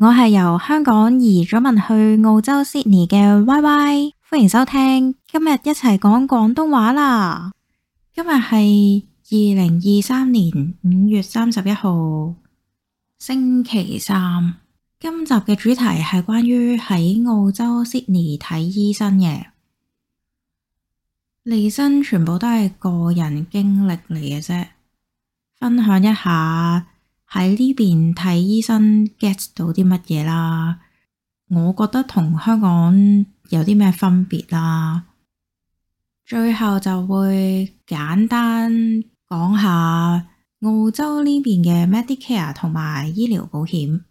我係由香港移咗民去澳洲悉尼嘅 Y Y，歡迎收聽，今日一齊講廣東話啦。今日係二零二三年五月三十一號星期三，今集嘅主題係關於喺澳洲悉尼睇醫生嘅。利申全部都係個人經歷嚟嘅啫，分享一下。喺呢邊睇醫生 get 到啲乜嘢啦？我覺得同香港有啲咩分別啦？最後就會簡單講下澳洲呢邊嘅 Medicare 同埋醫療保險。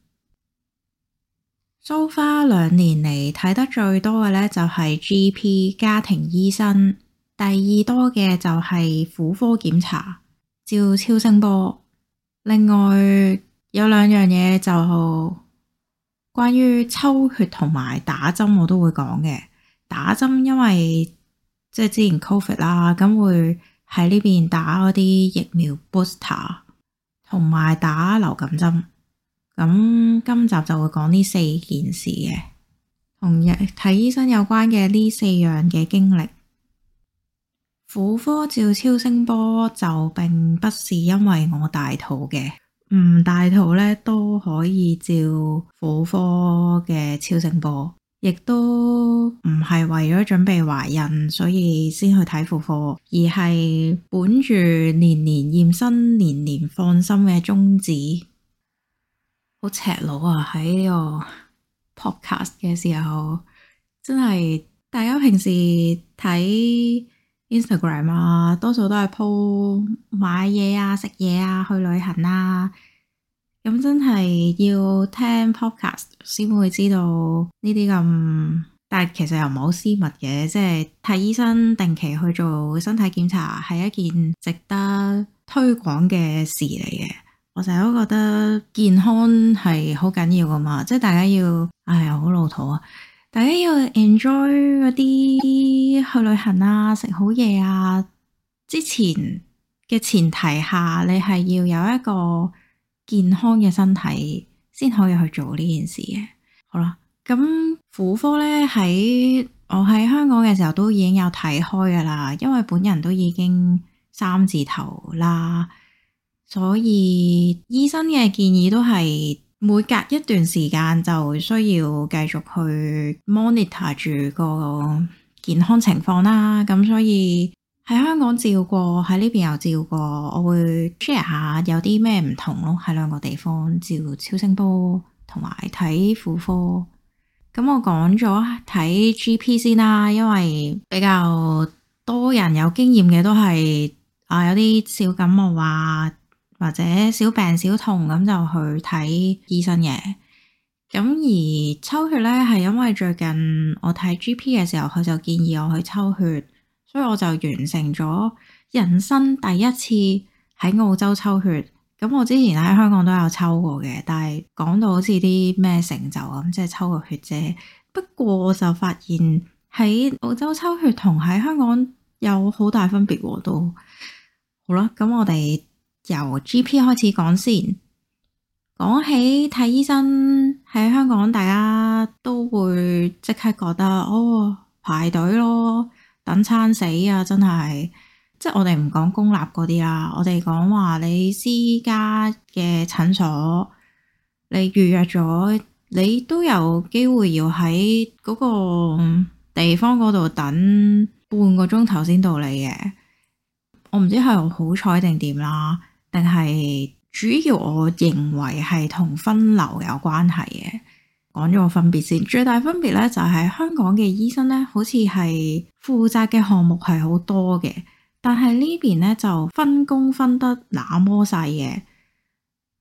So far 兩年嚟睇得最多嘅咧就係 GP 家庭醫生，第二多嘅就係婦科檢查，照超聲波。另外有兩樣嘢就關於抽血同埋打針，我都會講嘅。打針因為即係之前 Covid 啦，咁會喺呢邊打啲疫苗 booster，同埋打流感針。咁今集就會講呢四件事嘅同日睇醫生有關嘅呢四樣嘅經歷。婦科照超聲波就並不是因為我大肚嘅，唔大肚呢都可以照婦科嘅超聲波，亦都唔係為咗準備懷孕所以先去睇婦科，而係本住年年驗身、年年放心嘅宗旨。好赤裸啊，喺呢個 podcast 嘅時候，真係大家平時睇。Instagram 啊，多數都係鋪買嘢啊、食嘢啊、去旅行啊，咁真係要聽 podcast 先會知道呢啲咁，但係其實又唔係好私密嘅，即係睇醫生定期去做身體檢查係一件值得推廣嘅事嚟嘅。我成日都覺得健康係好緊要噶嘛，即係大家要，唉、哎，好老土啊！大家要 enjoy 啲去旅行啊、食好嘢啊，之前嘅前提下，你係要有一個健康嘅身體先可以去做呢件事嘅。好啦，咁婦科咧，喺我喺香港嘅時候都已經有睇開噶啦，因為本人都已經三字頭啦，所以醫生嘅建議都係。每隔一段時間就需要繼續去 monitor 住個健康情況啦，咁所以喺香港照過，喺呢邊又照過，我會 check 下有啲咩唔同咯，喺兩個地方照超聲波同埋睇婦科。咁我講咗睇 GP 先啦，因為比較多人有經驗嘅都係啊有啲小感冒啊。或者小病小痛咁就去睇醫生嘅，咁而抽血呢係因為最近我睇 GP 嘅時候，佢就建議我去抽血，所以我就完成咗人生第一次喺澳洲抽血。咁我之前喺香港都有抽過嘅，但係講到好似啲咩成就咁，即係抽個血啫。不過我就發現喺澳洲抽血同喺香港有好大分別喎，都好啦。咁我哋。由 GP 開始講先。講起睇醫生喺香港，大家都會即刻覺得哦排隊咯，等餐死啊！真係，即係我哋唔講公立嗰啲啦，我哋講話你私家嘅診所，你預約咗，你都有機會要喺嗰個地方嗰度等半個鐘頭先到你嘅。我唔知係好彩定點啦～定係主要，我認為係同分流有關係嘅。講咗個分別先，最大分別咧就係香港嘅醫生咧，好似係負責嘅項目係好多嘅，但係呢邊咧就分工分得那麼細嘅。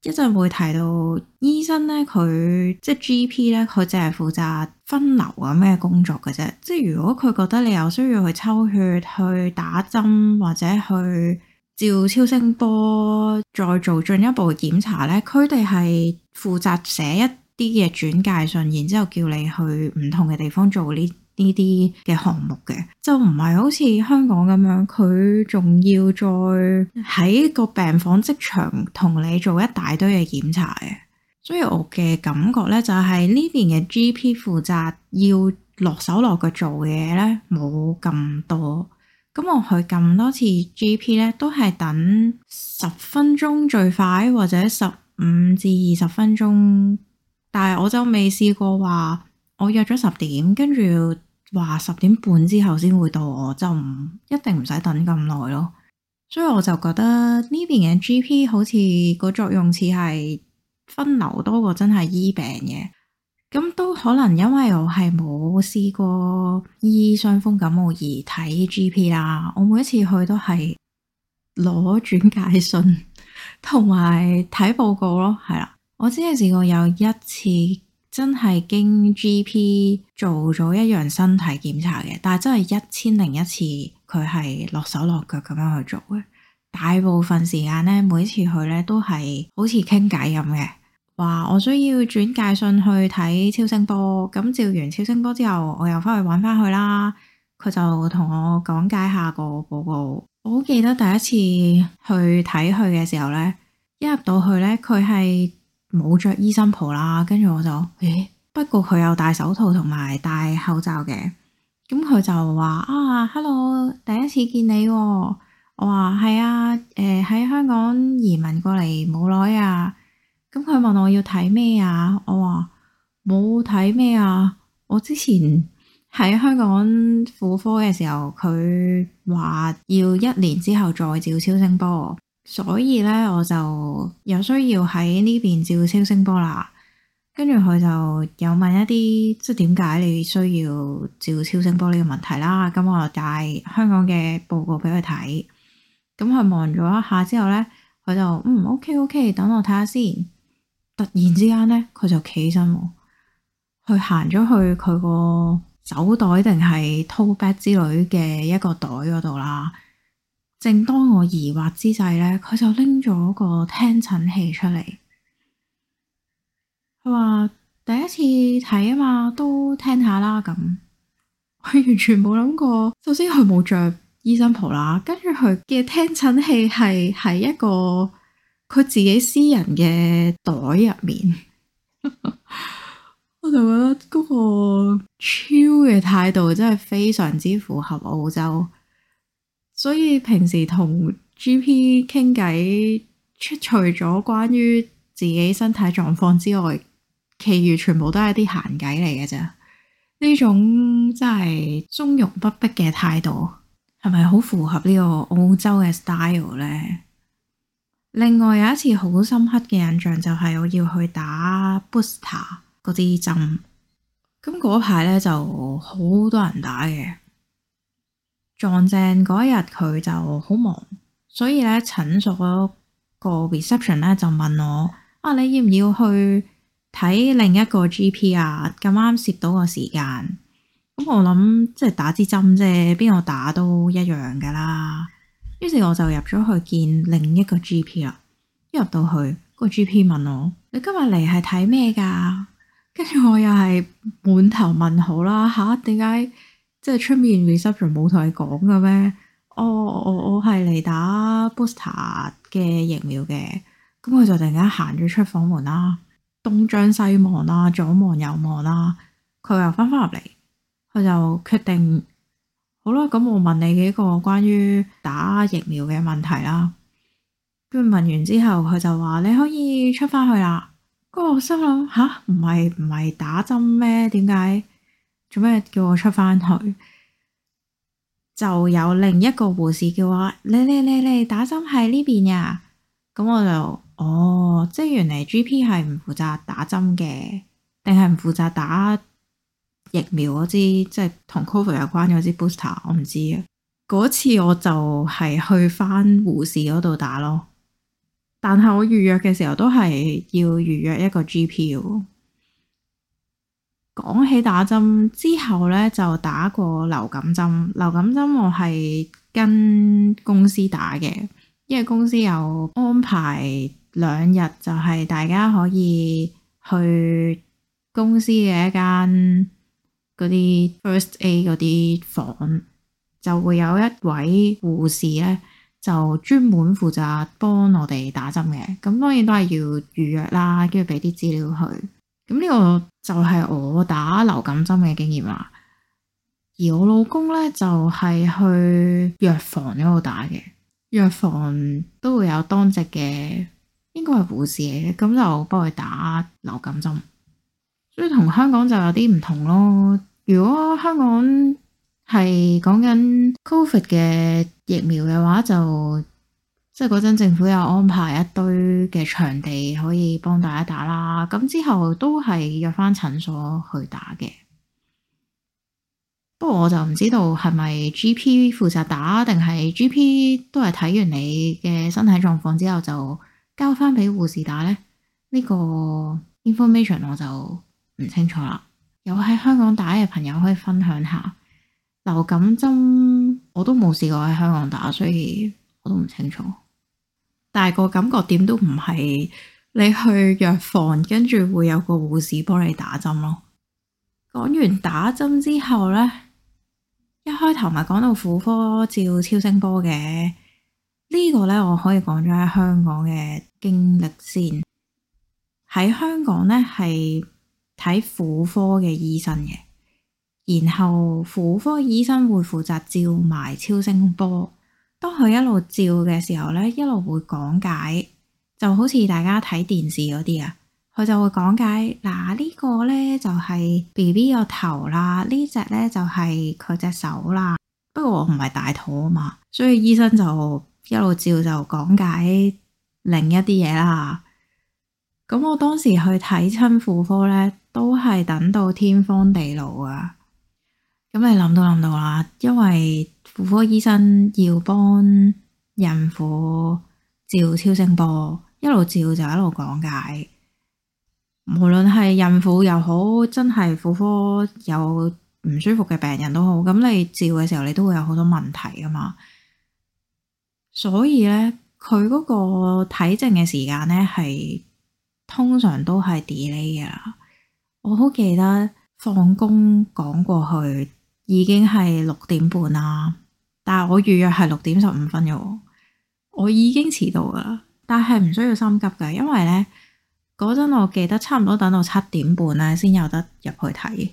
一陣會提到醫生咧，佢即係 GP 咧，佢淨係負責分流呀咩工作嘅啫。即係如果佢覺得你有需要去抽血、去打針或者去照超聲波再做進一步檢查咧，佢哋係負責寫一啲嘅轉介信，然之後叫你去唔同嘅地方做呢呢啲嘅項目嘅，就唔係好似香港咁樣，佢仲要再喺個病房即場同你做一大堆嘅檢查嘅。所以我嘅感覺咧，就係，就係呢邊嘅 GP 負責要落手落腳做嘅嘢咧，冇咁多。咁我去咁多次 GP 咧，都係等十分鐘最快，或者十五至二十分鐘。但係我就未試過話我約咗十點，跟住話十點半之後先會到我。我就唔一定唔使等咁耐咯。所以我就覺得呢邊嘅 GP 好似個作用似係分流多過真係醫病嘅。咁都可能因為我係冇試過醫傷風感冒而睇 GP 啦，我每一次去都係攞轉介信同埋睇報告咯，係啦。我只係試過有一次真係經 GP 做咗一樣身體檢查嘅，但係真係一千零一次佢係落手落腳咁樣去做嘅。大部分時間咧，每一次去咧都係好似傾偈咁嘅。話我需要轉介信去睇超聲波，咁照完超聲波之後，我又翻去玩翻去啦。佢就同我講解下個報告。我好記得第一次去睇佢嘅時候呢，一入到去呢，佢係冇着醫生袍啦，跟住我就，誒不過佢有戴手套同埋戴口罩嘅。咁佢就話啊，hello，第一次見你喎，啊。我話係啊，誒、呃、喺香港移民過嚟冇耐啊。咁佢問我要睇咩啊？我話冇睇咩啊！我之前喺香港婦科嘅時候，佢話要一年之後再照超聲波，所以咧我就有需要喺呢邊照超聲波啦。跟住佢就有問一啲即係點解你需要照超聲波呢個問題啦。咁我就帶香港嘅報告俾佢睇，咁佢望咗一下之後咧，佢就嗯 OK OK，等我睇下先。突然之間咧，佢就企起身，佢行咗去佢個手袋定係 tote bag 之類嘅一個袋嗰度啦。正當我疑惑之際咧，佢就拎咗個聽診器出嚟。佢話第一次睇啊嘛，都聽下啦咁。佢完全冇諗過，首先佢冇着醫生袍啦，跟住佢嘅聽診器係喺一個。佢自己私人嘅袋入面。 我就覺得嗰個 chill 嘅態度真係非常之符合澳洲。所以平時同 G P 傾偈，除咗關於自己身體狀況之外，其餘全部都係啲閒偈嚟嘅啫。呢種真係從容不迫嘅態度，係咪好符合呢個澳洲嘅 style 咧？另外有一次好深刻嘅印象就係我要去打 booster 嗰啲針，咁嗰排咧就好多人打嘅，撞正嗰一日佢就好忙，所以咧診所嗰個 reception 咧就問我啊，你要唔要去睇另一個 GP 啊？咁啱攝到個時間，咁我諗即係打支針啫，邊個打都一樣噶啦。於是我就入咗去見另一個 G.P. 啦。一入到去，個 G.P. 問我：你今日嚟係睇咩噶？跟住我又係滿頭問號啦。吓、啊，點解即係出面 reception 冇同你講嘅咩？我我我係嚟打 booster 嘅疫苗嘅。咁佢就突然間行咗出房門啦，東張西望啦，左望右望啦。佢又翻返入嚟，佢就決定。好啦，咁我問你幾個關於打疫苗嘅問題啦。跟住問完之後，佢就話你可以出翻去啦。我心諗吓，唔係唔係打針咩？點解做咩叫我出翻去？就有另一個護士叫話你你你你打針喺呢邊呀。咁我就哦，即係原嚟 GP 係唔負責打針嘅，定係唔負責打？疫苗嗰支即係同 Covid 有關嗰支 booster，我唔知啊。嗰次我就係去返護士嗰度打咯，但係我預約嘅時候都係要預約一個 GP。講起打針之後呢，就打過流感針。流感針我係跟公司打嘅，因為公司有安排兩日，就係大家可以去公司嘅一間。嗰啲 first a 嗰啲房就會有一位護士咧，就專門負責幫我哋打針嘅。咁當然都係要預約啦，跟住俾啲資料佢。咁呢個就係我打流感針嘅經驗啦。而我老公咧就係、是、去藥房嗰度打嘅，藥房都會有當值嘅，應該係護士嚟嘅，咁就幫佢打流感針。都同香港就有啲唔同咯。如果香港係講緊 Covid 嘅疫苗嘅話就，就即係嗰陣政府有安排一堆嘅場地可以幫大家打啦。咁之後都係約翻診所去打嘅。不過我就唔知道係咪 GP 負責打，定係 GP 都係睇完你嘅身體狀況之後就交翻俾護士打呢？呢個 information 我就。唔清楚啦，有喺香港打嘅朋友可以分享下。流感針我都冇試過喺香港打，所以我都唔清楚。但係個感覺點都唔係你去藥房跟住會有個護士幫你打針咯。講完打針之後呢，一開頭咪講到婦科照超聲波嘅，呢個呢，我可以講咗喺香港嘅經歷先。喺香港呢，係。睇婦科嘅醫生嘅，然後婦科醫生會負責照埋超聲波。當佢一路照嘅時候呢，一路會講解，就好似大家睇電視嗰啲啊，佢就會講解嗱，呢個呢就係 BB 個頭啦，呢隻呢就係佢隻手啦。不過我唔係大肚啊嘛，所以醫生就一路照就講解另一啲嘢啦。咁我當時去睇親婦科呢。都係等到天荒地老啊！咁你諗到諗到啦，因為婦科醫生要幫孕婦照超聲波，一路照就一路講解。無論係孕婦又好，真係婦科有唔舒服嘅病人都好，咁你照嘅時候你都會有好多問題噶嘛。所以呢，佢嗰個睇症嘅時間呢，係通常都係 delay 噶。我好記得放工講過去已經係六點半啦，但我預約係六點十五分嘅，我已經遲到啦。但係唔需要心急㗎，因為咧嗰陣我記得差唔多等到七點半咧先有得入去睇，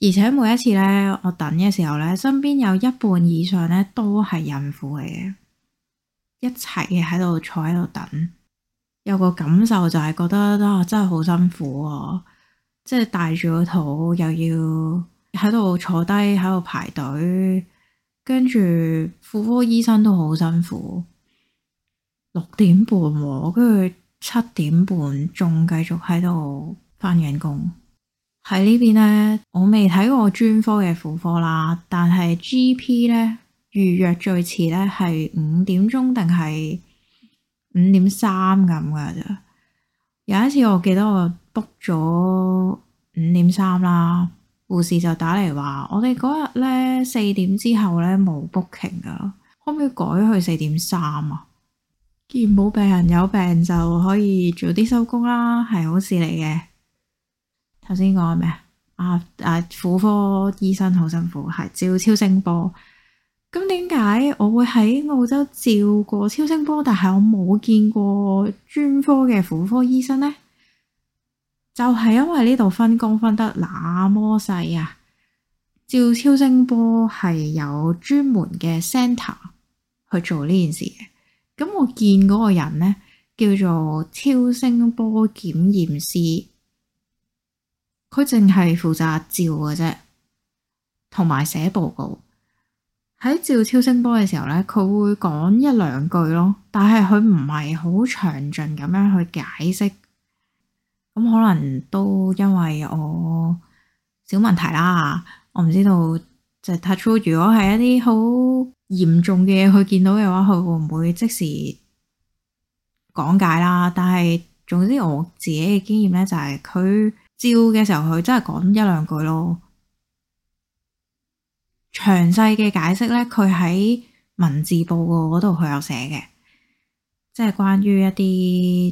而且每一次咧我等嘅時候咧，身邊有一半以上咧都係孕婦嚟嘅，一齊喺度坐喺度等，有個感受就係覺得啊，真係好辛苦啊。即係帶住個肚，又要喺度坐低，喺度排隊，跟住婦科醫生都好辛苦。六點半啊，跟住七點半仲繼續喺度翻緊工。喺呢邊呢，我未睇過專科嘅婦科啦，但係 GP 呢，預約最遲呢係五點鐘定係五點三咁噶咋？有一次我記得我。book 咗五點三啦，護士就打嚟話：我哋嗰日呢，四點之後呢，冇 booking 噶，可唔可以改去四點三啊？既然冇病人，有病人就可以早啲收工啦，係好事嚟嘅。頭先講咩啊？啊啊！婦科醫生好辛苦，係照超聲波。咁點解我會喺澳洲照過超聲波，但係我冇見過專科嘅婦科醫生呢？就係因為呢度分工分得那麼細啊，照超聲波係有專門嘅 centre 去做呢件事嘅。咁我見嗰個人呢，叫做超聲波檢驗師，佢淨係負責照嘅啫，同埋寫報告。喺照超聲波嘅時候呢，佢會講一兩句咯，但係佢唔係好詳盡咁樣去解釋。咁可能都因為我小問題啦，我唔知道，就 tattoo 如果係一啲好嚴重嘅去見到嘅話，佢會唔會即時講解啦？但係總之我自己嘅經驗咧，就係佢照嘅時候，佢真係講一兩句咯。詳細嘅解釋咧，佢喺文字報告嗰度佢有寫嘅，即係關於一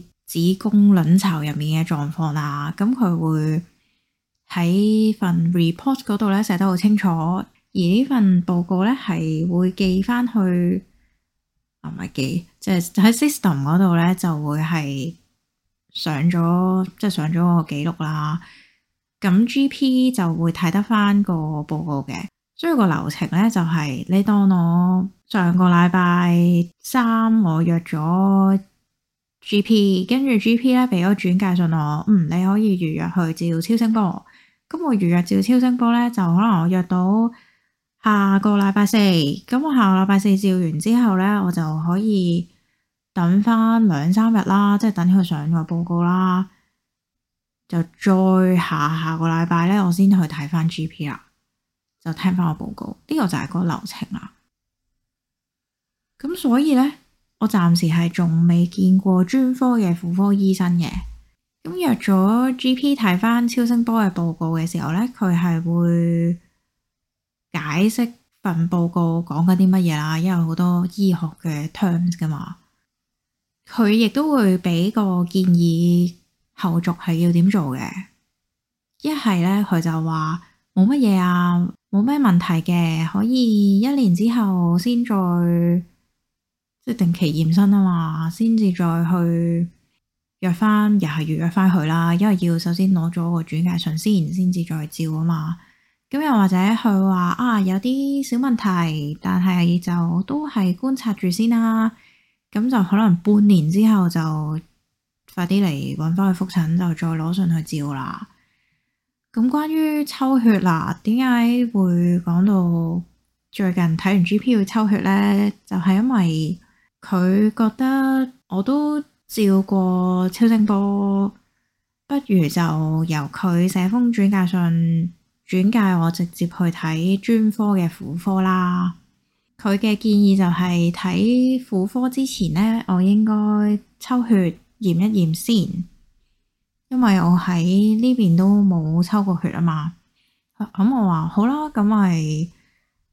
啲。子宮卵巢入面嘅狀況啦，咁佢會喺份 report 嗰度咧寫得好清楚，而呢份報告咧係會寄翻去，唔係寄，即係喺 system 嗰度咧就會係上咗，即係上咗個記錄啦。咁 GP 就會睇得翻個報告嘅，所以個流程咧就係你當我上個禮拜三我約咗。G.P. 跟住 G.P. 咧畀咗轉介信我，嗯，你可以預約去照超聲波。咁我預約照超聲波咧，就可能我約到下個禮拜四。咁我下個禮拜四照完之後咧，我就可以等翻兩三日啦，即係等佢上個報告啦，就再下下個禮拜咧，我先去睇翻 G.P. 啦，就聽翻個報告。呢、這個就係個流程啦。咁所以咧。我暫時係仲未見過專科嘅婦科醫生嘅，咁約咗 GP 睇翻超聲波嘅報告嘅時候呢，佢係會解釋份報告講緊啲乜嘢啦，因為好多醫學嘅 terms 噶嘛。佢亦都會俾個建議後續係要點做嘅，一係呢，佢就話冇乜嘢啊，冇咩問題嘅，可以一年之後先再。定期驗身啊嘛，先至再去約翻，又係預約翻佢啦。因為要首先攞咗個轉介信先，先至再照啊嘛。咁又或者佢話啊，有啲小問題，但係就都係觀察住先啦。咁就可能半年之後就快啲嚟揾翻佢覆診，就再攞信去照啦。咁、嗯、關於抽血啦，點解會講到最近睇完 G.P. 要抽血呢？就係、是、因為。佢覺得我都照過超聲波，不如就由佢寫封轉介信，轉介我直接去睇專科嘅婦科啦。佢嘅建議就係睇婦科之前呢,我應該抽血驗一驗先，因為我喺呢邊都冇抽過血啊嘛。咁、嗯、我話好啦，咁咪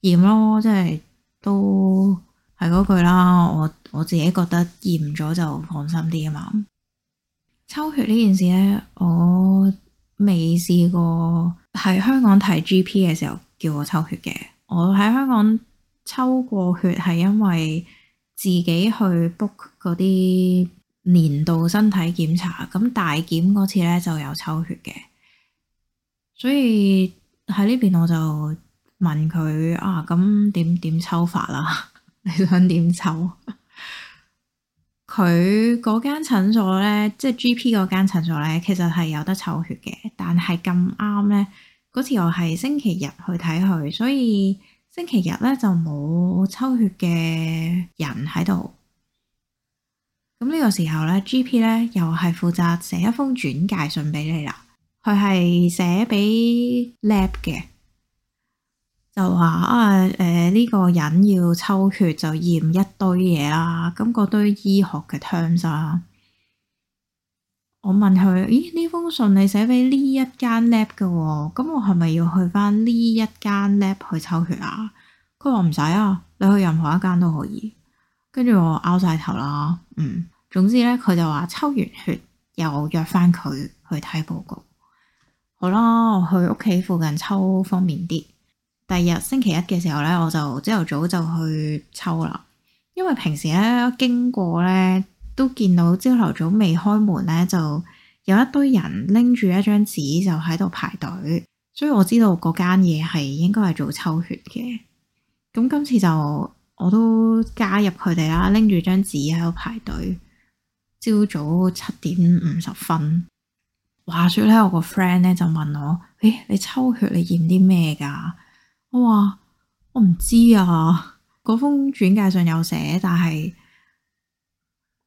驗咯，即係都。係嗰句啦，我我自己覺得驗咗就放心啲啊嘛。抽血呢件事呢，我未試過喺香港睇 GP 嘅時候叫我抽血嘅。我喺香港抽過血係因為自己去 book 嗰啲年度身體檢查，咁大檢嗰次呢就有抽血嘅。所以喺呢邊我就問佢啊，咁點點抽法啦？你想點抽？佢嗰間診所咧，即係 G P 嗰間診所咧，其實係有得抽血嘅，但係咁啱咧，嗰次又係星期日去睇佢，所以星期日咧就冇抽血嘅人喺度。咁呢個時候咧，G P 咧又係負責寫一封轉介信俾你啦。佢係寫俾 lab 嘅。就話啊，誒呢、這個人要抽血就驗一堆嘢啦，咁嗰堆醫學嘅 terms 我問佢，咦呢封信你寫俾呢一間 lab 嘅？哦，咁我係咪要去翻呢一間 lab 去抽血啊？佢話唔使啊，你去任何一間都可以。跟住我拗晒頭啦，嗯，總之咧佢就話抽完血又約翻佢去睇報告。好啦，我去屋企附近抽方便啲。第二日星期一嘅時候咧，我就朝頭早就去抽啦。因為平時咧經過咧都見到朝頭早未開門咧，就有一堆人拎住一張紙就喺度排隊，所以我知道嗰間嘢係應該係做抽血嘅。咁今次就我都加入佢哋啦，拎住張紙喺度排隊。朝早七點五十分，話說咧，我個 friend 咧就問我：誒、欸，你抽血你驗啲咩㗎？哇！我唔知啊，嗰封轉介上有寫，但係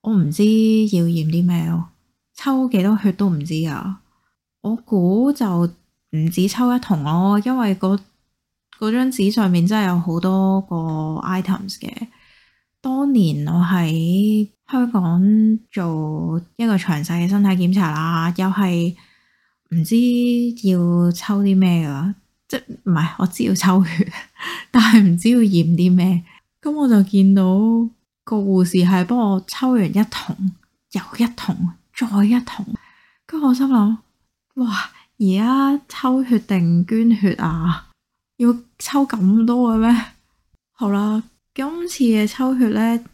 我唔知要驗啲咩咯，抽幾多血都唔知啊！我估就唔止抽一桶咯，啊，因為嗰嗰張紙上面真係有好多個 items 嘅。當年我喺香港做一個詳細嘅身體檢查啦，又係唔知要抽啲咩噶。即唔係？我知要抽血，但係唔知要驗啲咩。咁我就見到個護士係幫我抽完一桶，又一桶，再一桶。跟我心諗：，哇！而家抽血定捐血啊？要抽咁多嘅咩？好啦，今次嘅抽血咧，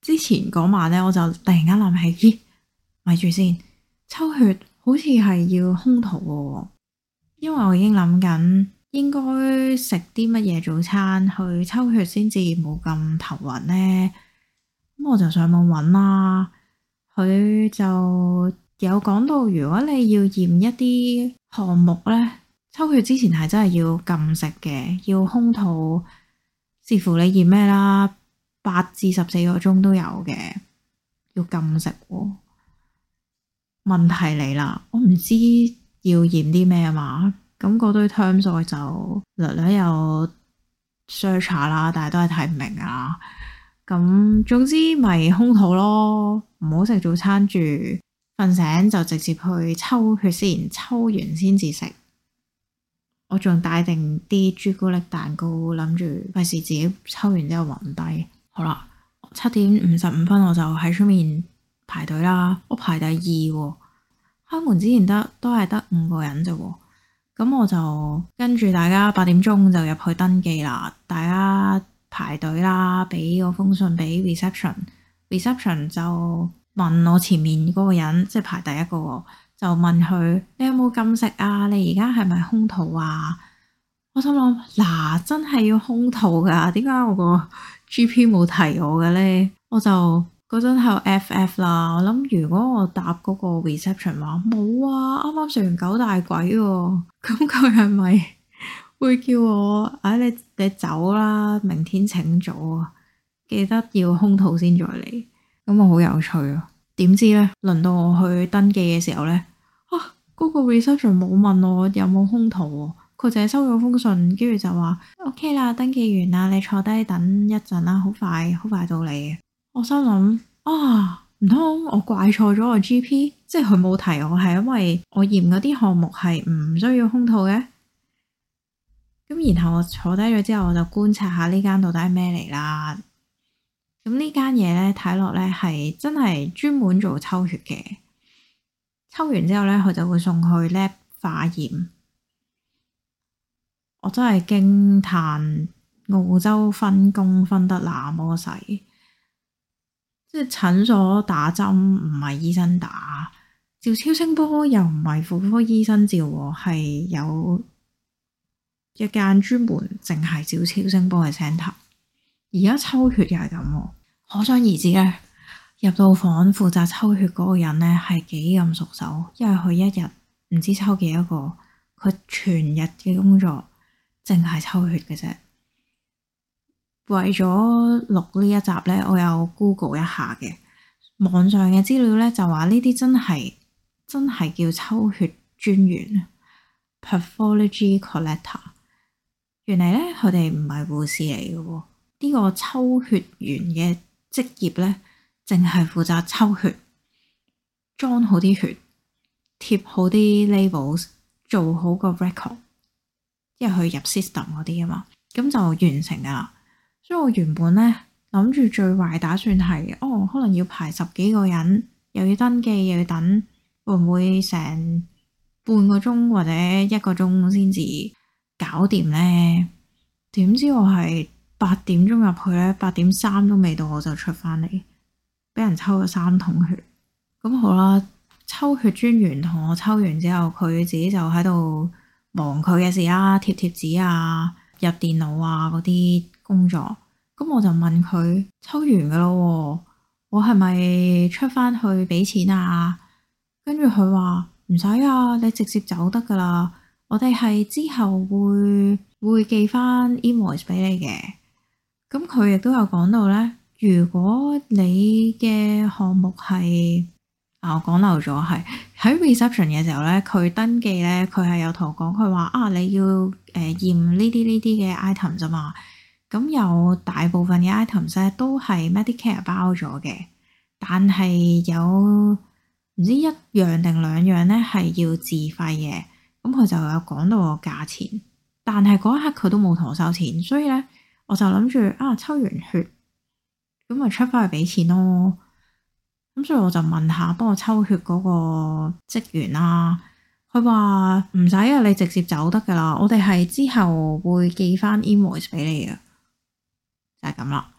之前嗰晚咧，我就突然間諗起，咦？咪住先，抽血好似係要空肚喎。因為我已經諗緊應該食啲乜嘢早餐去抽血先至冇咁頭暈呢。咁我就上網揾啦。佢就有講到，如果你要驗一啲項目呢，抽血之前係真係要禁食嘅，要空肚，視乎你驗咩啦，八至十四個鐘都有嘅，要禁食。問題嚟啦，我唔知。要驗啲咩啊嘛？咁嗰堆 terms 就略略有 search 啦，但係都係睇唔明啊。咁總之咪空肚咯，唔好食早餐住，瞓醒就直接去抽血先，抽完先至食。我仲帶定啲朱古力蛋糕，諗住費事自己抽完之後暈低。好啦，七點五十五分我就喺出面排隊啦，我排第二喎。開門之前得都係得五個人啫喎，咁我就跟住大家八點鐘就入去登記啦，大家排隊啦，俾個封信俾 reception，reception re 就問我前面嗰個人，即係排第一個，就問佢你有冇禁食啊？你而家係咪空肚啊？我心諗嗱，真係要空肚噶？點解我個 GP 冇提我嘅呢？我就。嗰陣係 FF 啦，我諗如果我答嗰個 reception 話冇啊，啱啱食完九大鬼喎，咁佢係咪會叫我唉、哎，你你走啦，明天請早啊，記得要空肚先再嚟，咁我好有趣啊。點知呢？輪到我去登記嘅時候呢，啊嗰、嗰個 reception 冇問我有冇空肚喎、啊，佢淨係收咗封信，跟住就話 O K 啦，登記完啦，你坐低等一陣啦，好快好快到嚟嘅。我心諗啊，唔通我怪錯咗個 GP，即係佢冇提我係因為我驗嗰啲項目係唔需要空肚嘅。咁然後我坐低咗之後，我就觀察下呢間到底係咩嚟啦。咁呢間嘢咧睇落咧係真係專門做抽血嘅，抽完之後咧佢就會送去 lab 化驗。我真係驚嘆澳洲分工分得那麼細。即係診所打針唔係醫生打，照超聲波又唔係婦科醫生照，係有一間專門淨係照超聲波嘅 centre。而家抽血又係咁，可想而知咧，入到房負責抽血嗰個人咧係幾咁熟手，因為佢一日唔知抽幾多個，佢全日嘅工作淨係抽血嘅啫。為咗錄呢一集咧，我有 Google 一下嘅網上嘅資料咧，就話呢啲真係真係叫抽血專員 （pathology collector）。Collector，原嚟咧，佢哋唔係護士嚟嘅喎。呢個抽血員嘅職業咧，淨係負責抽血、裝好啲血、貼好啲 labels、做好個 record，因為佢入 system 嗰啲啊嘛，咁就完成啦。即係我原本呢，諗住最壞打算係，哦，可能要排十幾個人，又要登記，又要等，會唔會成半個鐘或者一個鐘先至搞掂呢？點知我係八點鐘入去咧，八點三都未到我就出翻嚟，俾人抽咗三桶血。咁好啦，抽血專員同我抽完之後，佢自己就喺度忙佢嘅事啦，啊，貼貼紙啊，入電腦啊嗰啲工作。咁我就問佢抽完噶咯，我係咪出翻去俾錢啊？跟住佢話唔使啊，你直接走得噶啦。我哋係之後會會寄翻 invoice 俾你嘅。咁佢亦都有講到呢：「如果你嘅項目係啊，我講漏咗係喺 reception 嘅時候呢，佢登記呢，佢係有同我講，佢話啊，你要誒驗呢啲呢啲嘅 item 咋嘛。呃咁有大部分嘅 items 咧都係 Medicare 包咗嘅，但係有唔知一樣定兩樣咧係要自費嘅。咁佢就有講到個價錢，但係嗰一刻佢都冇同我收錢，所以咧我就諗住啊，抽完血咁咪出翻去俾錢咯。咁所以我就問下幫我抽血嗰個職員啦，佢話唔使啊，你直接走得噶啦，我哋係之後會寄翻 email 俾你嘅。就係咁啦，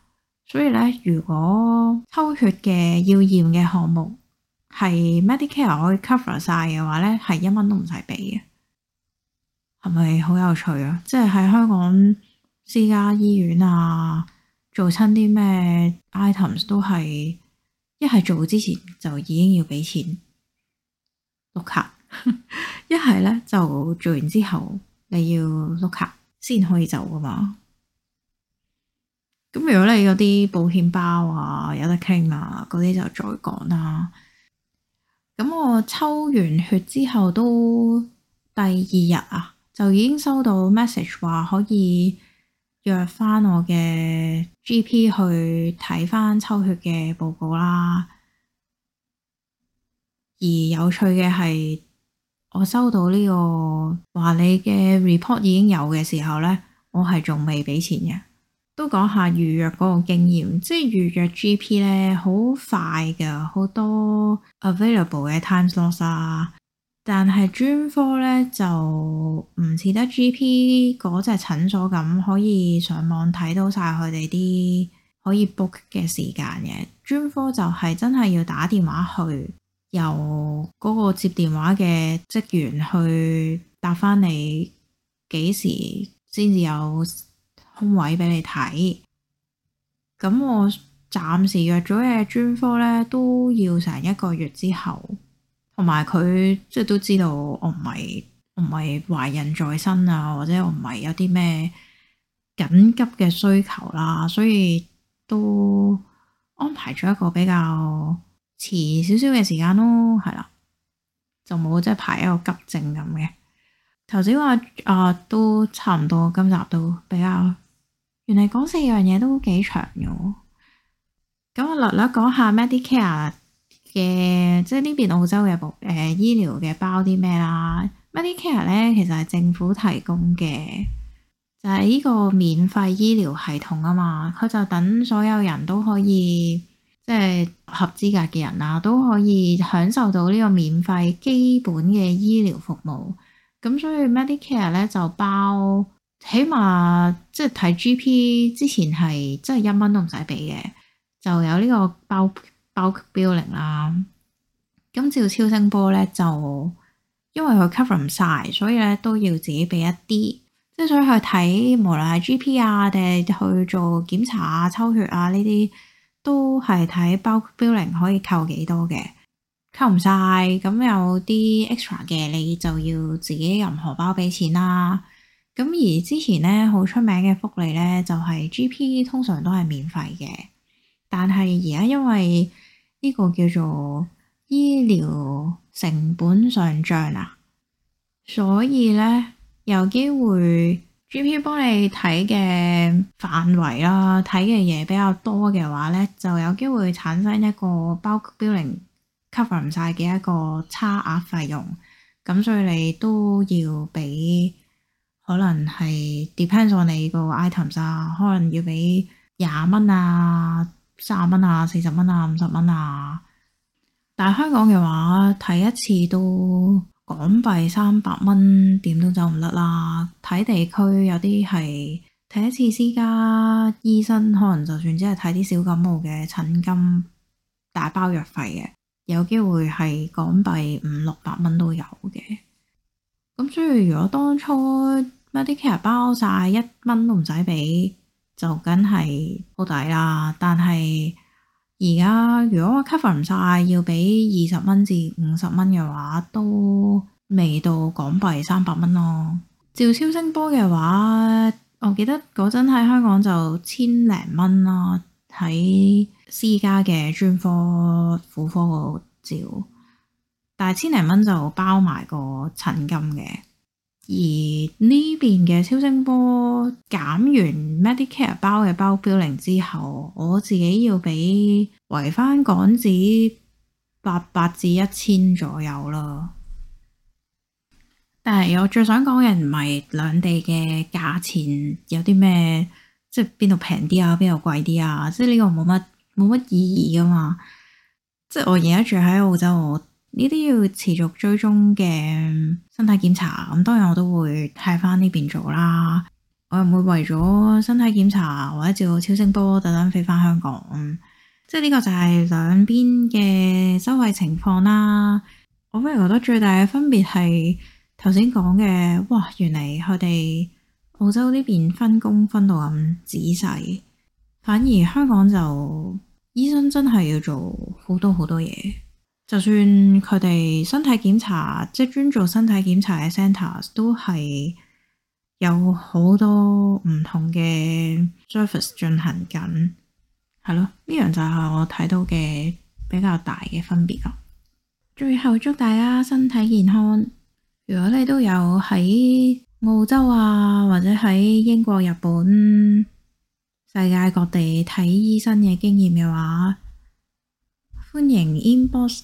所以咧，如果抽血嘅，要驗嘅項目係 Medicare 可以 cover 晒嘅話咧，係一蚊都唔使俾嘅，係咪好有趣啊？即係喺香港私家醫院啊，做親啲咩 items 都係一係做之前就已經要俾錢碌卡，一係咧就做完之後你要碌卡先可以走噶嘛。咁如果你有啲保險包啊，有得傾啊，嗰啲就再講啦。咁我抽完血之後，都第二日啊，就已經收到 message 話可以約翻我嘅 GP 去睇翻抽血嘅報告啦。而有趣嘅係，我收到呢個話你嘅 report 已經有嘅時候咧，我係仲未俾錢嘅。都講下預約嗰個經驗，即係預約 GP 咧，好快㗎，好多 available 嘅 timeslots 啊。但係專科咧就唔似得 GP 嗰隻診所咁，可以上網睇到晒佢哋啲可以 book 嘅時間嘅。專科就係真係要打電話去，由嗰個接電話嘅職員去答返你幾時先至有空位俾你睇，咁我暫時約咗嘅專科咧都要成一個月之後，同埋佢即係都知道我唔係我唔係懷孕在身啊，或者我唔係有啲咩緊急嘅需求啦，啊，所以都安排咗一個比較遲少少嘅時間咯，係啦，就冇即係排一個急症咁嘅。頭先話啊，都差唔多，今集都比較。原嚟講四樣嘢都幾長嘅，咁我略略講下 Medicare 嘅，即係呢邊澳洲嘅保誒醫療嘅包啲咩啦。Medicare 咧其實係政府提供嘅，就係呢個免費醫療系統啊嘛。佢就等所有人都可以，即係合資格嘅人啊，都可以享受到呢個免費基本嘅醫療服務。咁所以 Medicare 咧就包。起碼即係睇 GP 之前係真係一蚊都唔使俾嘅，就有呢個 Bulk Billing 啦。咁照超聲波呢，就因為佢 cover 唔晒，所以咧都要自己俾一啲。即係所以去睇無論係 GP 啊，定係去做檢查啊、抽血啊呢啲，都係睇 Bulk Billing 可以扣幾多嘅，扣唔晒，咁有啲 extra 嘅，你就要自己任荷包俾錢啦。咁而之前咧好出名嘅福利咧就係 GP 通常都係免費嘅，但係而家因為呢個叫做醫療成本上漲啊，所以咧有機會 GP 幫你睇嘅範圍啦，睇嘅嘢比較多嘅話咧，就有機會產生一個 bulk billing cover 唔晒嘅一個差額費用，咁所以你都要俾。可能係 depends on 你個 items 啊，可能要畀廿蚊啊、三十蚊啊、四十蚊啊、五十蚊啊。但係香港嘅話睇一次都港幣三百蚊點都走唔甩啦。睇地區有啲係睇一次私家醫生，可能就算只係睇啲小感冒嘅診金，大包藥費嘅，有機會係港幣五六百蚊都有嘅。咁所以如果當初 Medicare 包晒，一蚊都唔使俾，就梗係好抵啦。但係而家如果我 cover 唔晒，要俾二十蚊至五十蚊嘅話，都未到港幣三百蚊咯。照超聲波嘅話，我記得嗰陣喺香港就千零蚊啦，喺私家嘅專科婦科嗰度照。但係千零蚊就包埋個診金嘅，而呢邊嘅超聲波減完 Medicare 包嘅包標零之後，我自己要俾維翻港紙八百至一千左右啦。但係我最想講嘅唔係兩地嘅價錢有啲咩，即係邊度平啲啊，邊度貴啲啊，即係呢個冇乜冇乜意義噶嘛。即係我而家住喺澳洲。我呢啲要持續追蹤嘅身體檢查，咁當然我都會喺翻呢邊做啦。我又唔會為咗身體檢查或者照超聲波特登飛翻香港，即係呢個就係兩邊嘅收費情況啦。我反而覺得最大嘅分別係頭先講嘅，哇，原嚟佢哋澳洲呢邊分工分到咁仔細，反而香港就醫生真係要做好多好多嘢。就算佢哋身體檢查，即係專做身體檢查嘅 centers，都係有好多唔同嘅 service 進行緊，係咯。呢樣就係我睇到嘅比較大嘅分別咯。最後祝大家身體健康。如果你都有喺澳洲啊，或者喺英國、日本世界各地睇醫生嘅經驗嘅話，歡迎 inbox。